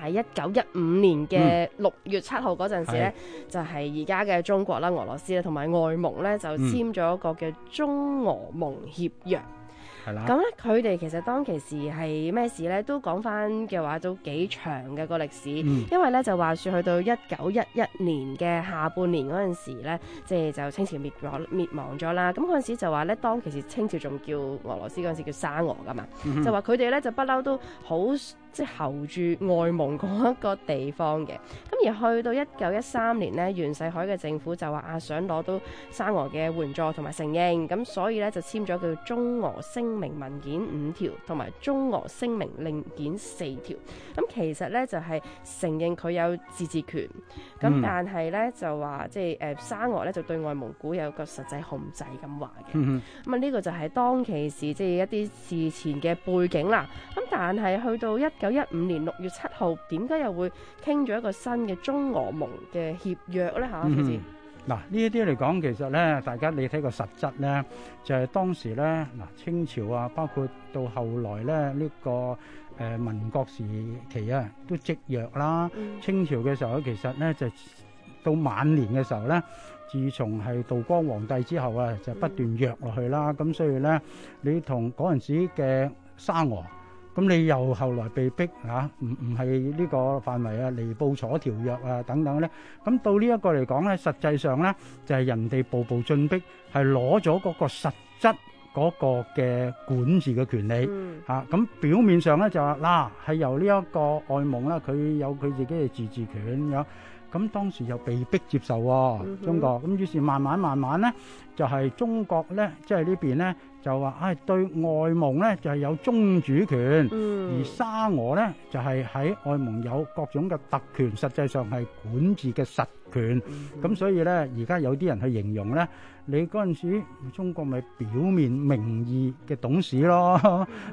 喺一九一五年嘅六月七號嗰陣時呢，是就係而家嘅中國啦、俄羅斯啦同埋外蒙呢，就簽咗一個叫《中俄蒙協約》。係啦，咁咧佢哋其實當其時係咩事咧？都講返嘅話都幾長嘅個歷史，因為咧就話説去到一九一一年嘅下半年嗰陣時咧，即係就清朝滅咗滅亡咗啦。咁嗰陣時就話咧，當其時清朝仲叫俄羅斯嗰陣時叫沙俄㗎嘛、嗯哼，就話佢哋咧就不嬲都好即係候住外蒙嗰一個地方嘅。咁而去到一九一三年呢，袁世凱嘅政府就話啊想攞到沙俄嘅援助同埋承認，咁所以咧就簽咗叫中俄聲。聲明文件五條同埋中俄聲明另件四條，咁其實呢就係承認佢有自治權，咁、mm hmm. 但係呢就話即係誒沙俄呢就對外蒙古有個實際控制咁話嘅，咁啊呢個就係當其時即係、就是、一啲事前嘅背景啦，咁但係去到一九一五年六月七號，點解又會傾咗一個新嘅中俄蒙嘅協約呢？吓、mm？Hmm. 嗱呢一啲嚟講，其實咧，大家你睇個實質咧，就係、是、當時咧，嗱清朝啊，包括到後來咧，呢、這個誒、呃、民國時期啊，都積弱啦。清朝嘅時候咧、啊，其實咧就到晚年嘅時候咧，自從係道光皇帝之後啊，就不斷弱落去啦。咁所以咧，你同嗰陣時嘅沙俄。咁你又後來被逼嚇，唔唔係呢個範圍啊，尼、啊、布楚條約啊等等咧。咁、啊、到呢一個嚟講咧，實際上咧就係、是、人哋步步進逼，係攞咗嗰個實質嗰個嘅管治嘅權利嚇。咁、啊啊啊、表面上咧就話嗱，係、啊、由呢一個外蒙啦，佢、啊、有佢自己嘅自治權咁樣。咁、啊啊、當時又被逼接受、哦 mm hmm. 中國。咁、啊、於是慢慢慢慢咧，就係、是、中國咧，即係呢邊咧。就話唉，對外蒙咧就係有宗主權，而沙俄咧就係喺外蒙有各種嘅特權，實際上係管治嘅實權。咁所以咧，而家有啲人去形容咧，你嗰陣時中國咪表面名義嘅董事咯，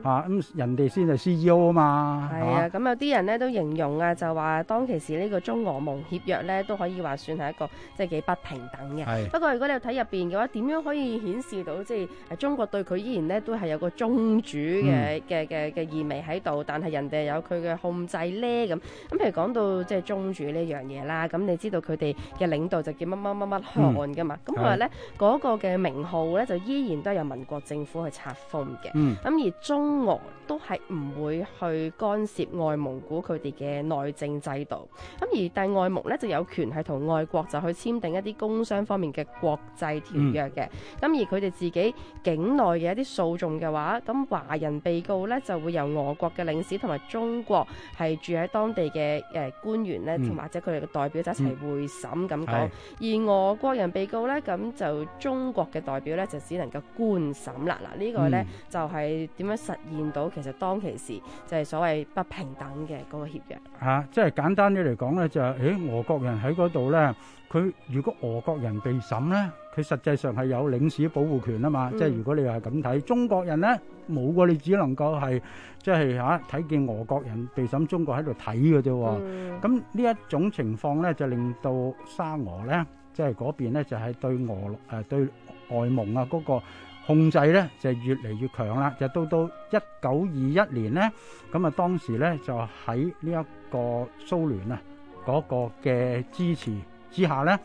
啊咁人哋先係 CEO 啊嘛。係啊，咁有啲人咧都形容啊，就話當其時呢個中俄蒙協約咧都可以話算係一個即係幾不平等嘅。係。不過如果你睇入邊嘅話，點樣可以顯示到即係中國對？佢依然咧，都係有個宗主嘅嘅嘅嘅意味喺度，internet, 但係人哋有佢嘅控制咧咁。咁、嗯啊、譬如講到即係宗主呢樣嘢啦，咁你知道佢哋嘅領導就叫乜乜乜乜汗噶嘛？咁佢話咧個嘅名號咧，就依然都係由民國政府去冊封嘅。咁、啊、而中俄都係唔會去干涉外蒙古佢哋嘅內政制度。咁、啊、而但係外蒙咧就有權係同外國就去簽訂一啲工商方面嘅國際條約嘅。咁、嗯啊、而佢哋自己境內。外嘅一啲訴訟嘅話，咁華人被告咧就會由俄國嘅領事同埋中國係住喺當地嘅誒官員咧，同、嗯、或者佢哋嘅代表就一齊會審咁講。嗯、而俄國人被告咧，咁就中國嘅代表咧就只能夠觀審啦。嗱、這個，呢個咧就係點樣實現到其實當其時就係所謂不平等嘅嗰個協約、啊、即係簡單啲嚟講咧，就係、是、誒俄國人喺嗰度咧，佢如果俄國人被審咧。佢實際上係有領事保護權啊嘛，即係如果你話咁睇，中國人咧冇過，你只能夠係即係嚇睇見俄國人對上中國喺度睇嘅啫。咁呢一種情況咧，就令到沙俄咧，即係嗰邊咧就係對俄誒對外蒙啊嗰個控制咧就越嚟越強啦。就到到一九二一年咧，咁啊當時咧就喺呢一個蘇聯啊嗰個嘅支持之下咧。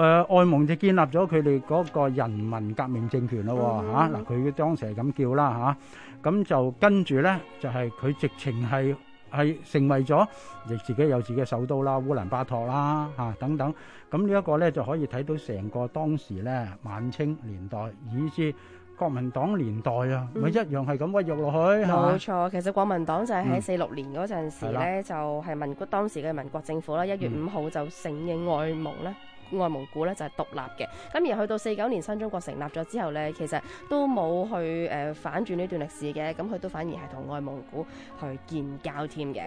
誒外蒙就建立咗佢哋嗰個人民革命政權咯嚇嗱，佢當時係咁叫啦嚇，咁就跟住咧就係佢直情係係成為咗，亦自己有自己嘅首都啦烏蘭巴托啦嚇等等。咁呢一個咧就可以睇到成個當時咧晚清年代以至國民黨年代啊，咪一樣係咁屈辱落去係嘛？冇錯，其實國民黨就係喺四六年嗰陣時咧，就係民當時嘅民國政府啦。一月五號就承認外蒙咧，外蒙古呢就係獨立嘅，咁而去到四九年新中國成立咗之後呢，其實都冇去、呃、反轉呢段歷史嘅，咁佢都反而係同外蒙古去建交添嘅。